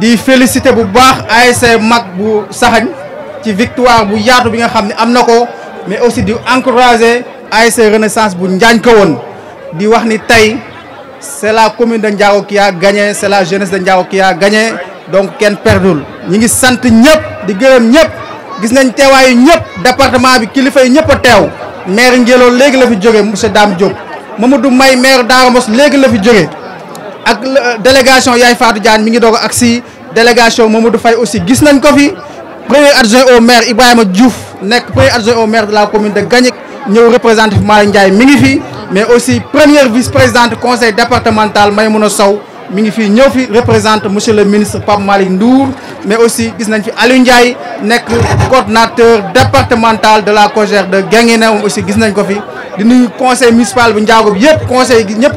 di félicité bu baax ASC mag bu Saxañ ci victoire bu yaatu bi nga xam ne am na ko mais aussi di encourager ASC Renaissance bu Njaañ ko woon di wax ni tey c'est la commune de Ndiago qui a gagné c'est la jeunesse de Ndiago qui a gagné donc kenn perdul ñi ngi sant ñëpp di gërëm ñëpp gis nañ teewaayu ñëpp département bi kilifa yi ñëpp a teew maire Ngélo léegi la fi jóge monsieur Dame Diop Mamadou May maire Daramos léegi la fi jóge la euh, délégation Yaye Fatou Diagne qui est ak délégation Mamadou Faye aussi gis nañ premier adjoint au maire Ibrahim Diouf le premier adjoint au maire de la commune de Gagnic représente représenté Malick Ndiaye mais aussi premier vice président du conseil départemental Maymouna Sow mi représente monsieur le ministre Pape Malick Ndour mais aussi gis nañ fi qui Ndiaye départemental de la cogère de Guinguinéo aussi gis nañ ko conseil municipal bu Ndiago conseil gi ñëpp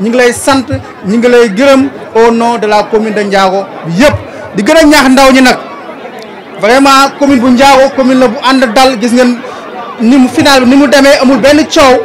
ñu ngi lay sant ñu ngi lay gërëm au nom de la commune de Ndiago bi yëpp di gën a ñaax ndaw ñi nag vraiment commune bu Ndiago commune la bu ànd dal gis ngeen ni mu final bi ni mu demee amul benn coow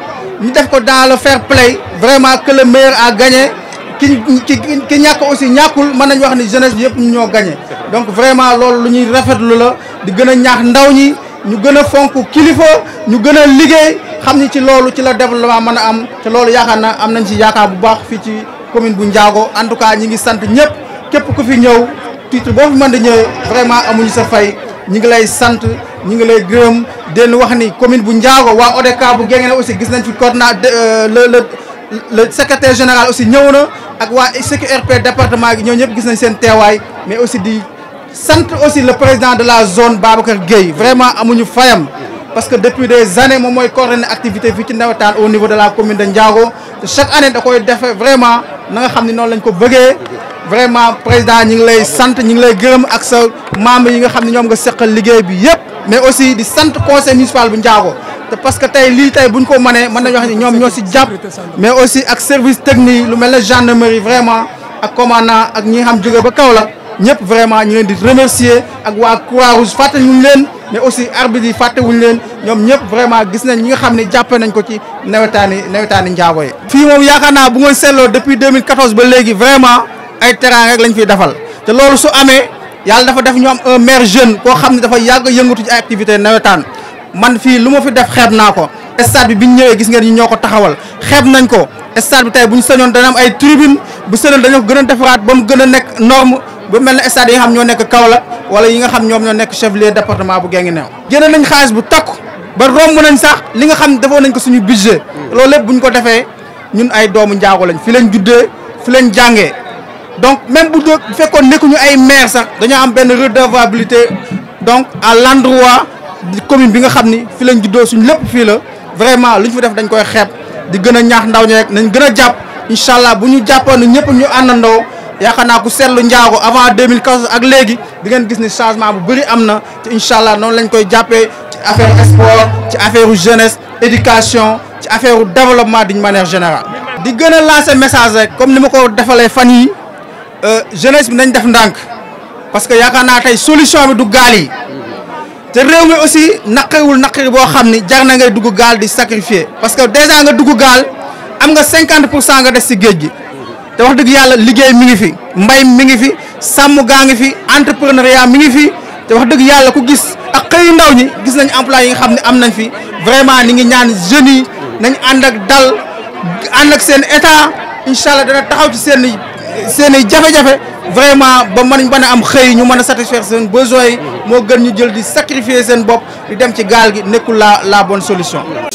ñu def ko dans le fair play vraiment que le meilleur a gagné ki ki ki ñàkk aussi ñàkkul mën nañu wax ni jeunesse bi yëpp ñu ñoo gagné donc vraiment loolu lu ñuy rafetlu la di gën a ñaax ndaw ñi ñu gën a fonk kilifa ñu gën a liggéey xam ni ci loolu ci la développement man a am te loolu yaakaar na am nañ ci yaakaar bu baax fii ci commune bu Ndiago en tout cas ñi ngi sant ñëpp képp ku fi ñëw titre boo fi mën di ñëwee vraiment amuñu sa fay ñi ngi lay sant ñi ngi lay gërëm denn wax ni commune bu njaago waa ODECA bu Guinguinéo aussi gis nañ fi coordonnateur euh, le le le secrétaire général aussi ñëw na ak waa CQRP département gi ñoo ñëpp gis nañ seen teewaay mais aussi di sant aussi le président de la zone Babacar Gueye vraiment amuñu fayam parce que depuis des années mon mooy coordonner activité fii ci au niveau de la commune de Ndiago chaque année da koy defee vraiment Nous nga xam ne noonu lañ ko vraiment président ñi ngi lay sant ñi ngi lay gërëm ak sa membres yi nga xam ne nga bi mais aussi di sant conseil municipal bu Ndiago parce que tey lii tey buñ ko mënee mën nañu wax ni ñoom ñoo si jàpp mais aussi ak service technique lu mel ne gendarmerie vraiment ak commandant ak ñi nga xam jóge ba ñëpp vraiment ñu leen di remercier ak waa Croix-Rouge fàttewuñu leen mais aussi arbitre yi fàttewuñ leen ñoom ñëpp vraiment gis nañ ñi nga xam ne jàppe nañ ko ci nawetaani nawetaani njaago yi fii moom yaakaar naa bu ngeen seetloo depuis 2014 ba léegi vraiment ay terrain rek lañ fiy defal te loolu su amee yàlla dafa def ñu am un maire jeune koo xam ne dafa yàgg yëngatu ci ay activité nawetaan man fii lu ma fi def xeeb naa ko stade bi bi ñu ñëwee gis ngeen ñu ñoo ko taxawal xeeb nañ ko stade bi tey bu ñu sañoon dana am ay tribune bu sañoon dañoo gën a defaraat ba mu gën a nekk norme ba mel ne stade yi nga xam ñoo nekk Kaolack wala yi nga xam ñoom ñoo nekk chef lieu département bu Guinguinéo jënd nañ xaalis bu takku ba romb nañ sax li nga xam defoon nañ ko suñu budget loolu lépp buñ ko defee ñun ay doomu njaago lañ fi lañ juddee fi lañ jàngee donc même bu doon fekkoon nekkuñu ay maire sax dañoo am benn redevabilité donc à l'endroit di commune bi nga xam ni fi lañ juddoo suñ lépp fii la vraiment lu ñu fi def dañ koy xeeb di gën a ñaax ndaw ñi rek nañ gën a jàpp incha allah bu ñu jàppoon ñëpp ñu àndandoo yaakaar naa ku seetlu njaago avant 2014 ak léegi di ngeen gis ni changement bu bëri am na te incha allah noonu lañ koy jàppee ci affaire sport ci affaire jeunesse éducation ci affaire développement d'une manière générale. di gën a lancer message rek comme ni ma ko defalee fan yi euh, jeunesse bi nañ def ndànk parce que yaakaar naa tey solution bi du gaal yi te réew mi aussi naqariwul naqari boo xam ni jar na ngay dugg gaal di sacrifier parce que déjà nga dugg gaal am nga 50 pour cent nga des si géej gi. te wax dëgg yàlla liggéey mi ngi fi mbay mi ngi fi sàmm gaa ngi fi entrepreneuriat mi ngi fi te wax dëgg yàlla ku gis ak xëy ndaw ñi gis nañ emploi yi nga xam ne am nañ fi vraiment ni ngi ñaan jeunes yi nañ ànd ak dal ànd ak seen état incha allah dana taxaw ci seen seen i jafe-jafe vraiment ba mën mën a am xëy ñu mën a satisfaire seen besoins yi moo gën ñu jël di sacrifier seen bopp di dem ci gaal gi nekkul la la bonne solution